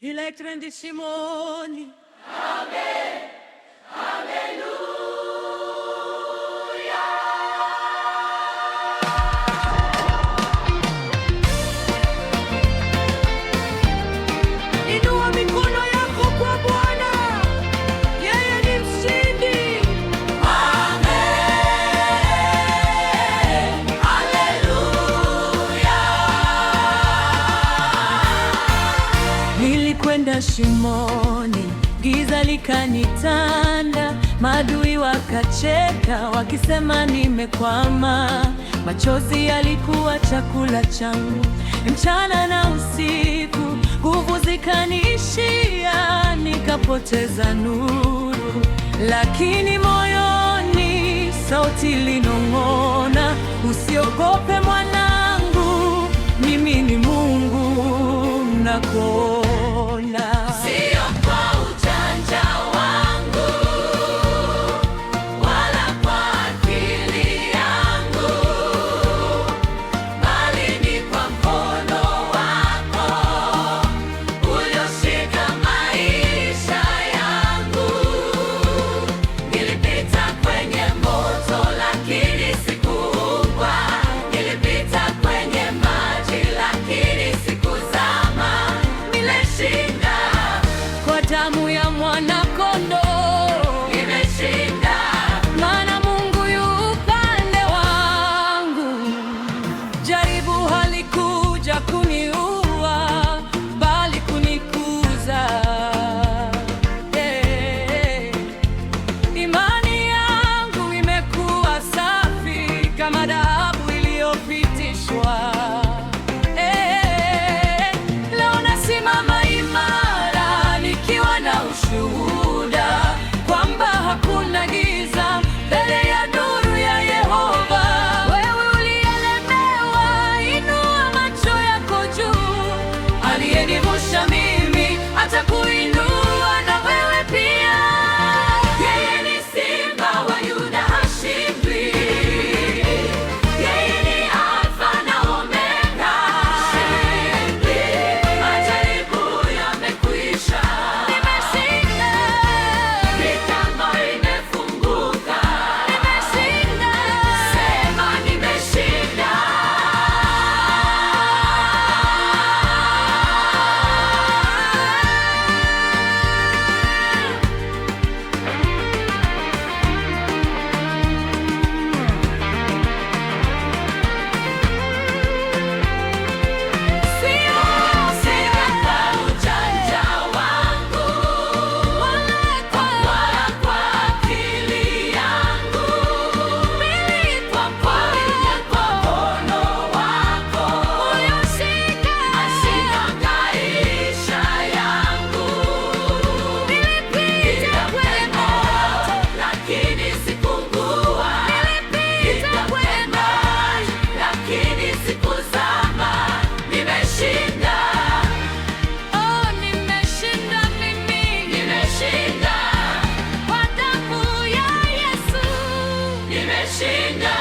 Il di craint des Simoni. Amen. Alléluia. kwenda shimoni, giza likanitanda, maadui wakacheka wakisema nimekwama. Machozi yalikuwa chakula changu mchana na usiku, nguvu zikanishia nikapoteza nuru, lakini moyoni sauti linong'ona, usiogope mwanangu, mimi ni Mungu mnako katika iliyopitishwa. Eh, imara nikiwa na ushuhuda kwamba hakuna giza mbele ya ya Yehova. Wewe macho yako juu, aliyenivusha mimi atakuinua Krishna.